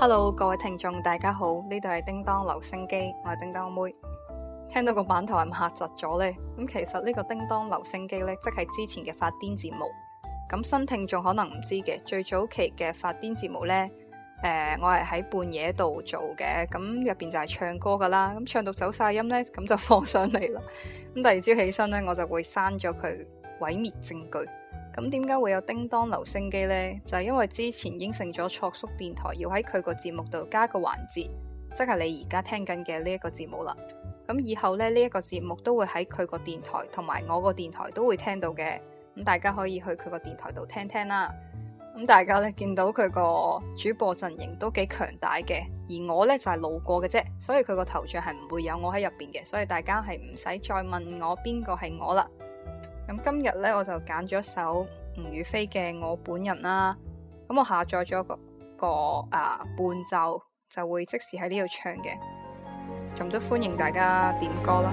Hello，各位聽眾，大家好，呢度係叮噹留聲機，我係叮噹妹。聽到個版頭係咪嚇窒咗呢？咁其實呢個叮噹留聲機呢，即係之前嘅發癲節目。咁新聽眾可能唔知嘅，最早期嘅發癲節目呢，誒、呃，我係喺半夜度做嘅，咁入邊就係唱歌噶啦，咁唱到走晒音呢，咁就放上嚟啦。咁第二朝起身呢，我就會刪咗佢，毀滅證據。咁點解會有叮噹留聲機呢？就係、是、因為之前應承咗卓叔電台要喺佢個節目度加個環節，即係你而家聽緊嘅呢一個節、就是、目啦。咁以後咧呢一、這個節目都會喺佢個電台同埋我個電台都會聽到嘅。咁大家可以去佢個電台度聽聽啦。咁大家咧見到佢個主播陣營都幾強大嘅，而我咧就係、是、路過嘅啫，所以佢個頭像係唔會有我喺入邊嘅，所以大家係唔使再問我邊個係我啦。咁今日咧，我就揀咗首吳雨霏嘅《我本人》啦。咁我下載咗個個啊伴奏，就會即時喺呢度唱嘅。咁都歡迎大家點歌啦！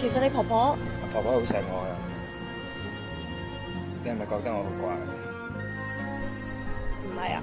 其實你婆婆，婆婆好錫我啊，你係咪覺得我好怪？唔係啊。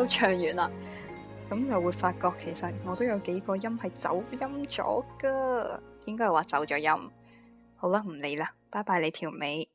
都唱完啦，咁又會發覺其實我都有幾個音係走音咗噶，應該係話走咗音。好啦，唔理啦，拜拜你條尾。